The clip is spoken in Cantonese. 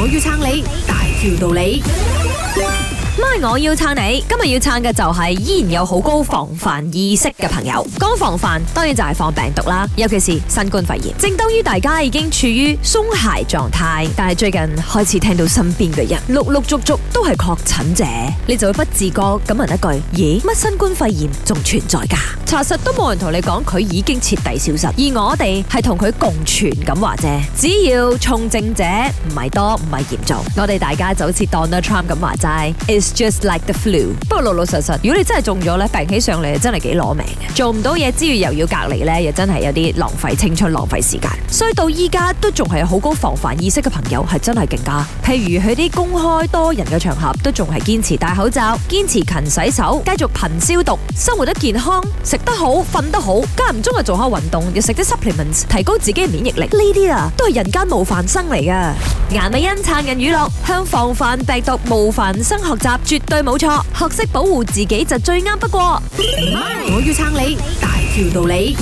我要撐你，大條道理。唔係我要撐你，今日要撐嘅就係依然有好高防範意識嘅朋友。講防範，當然就係防病毒啦，尤其是新冠肺炎。正當於大家已經處於鬆懈狀態，但係最近開始聽到身邊嘅人陸陸續續都係確診者，你就會不自覺咁問一句：咦，乜新冠肺炎仲存在噶？查實都冇人同你講佢已經徹底消失，而我哋係同佢共存咁話啫。只要重症者唔係多唔係嚴重，我哋大家就好似 Donald Trump 咁話齋。Just like the flu，不過老老實實，如果你真係中咗咧，病起上嚟真係幾攞命。做唔到嘢之餘又要隔離呢又真係有啲浪費青春浪費時間、浪費時間。所以到依家都仲係有好高防範意識嘅朋友係真係勁噶，譬如喺啲公開多人嘅場合都仲係堅持戴口罩、堅持勤洗手、繼續勤消毒，生活得健康、食得好、瞓得好，間唔中又做下運動，又食啲 supplements 提高自己嘅免疫力。呢啲啊都係人間模範生嚟噶。顏美恩撐人娛樂向防範病毒模範生學習。絕對冇錯，學識保護自己就最啱不過。我要撐你，大條道理。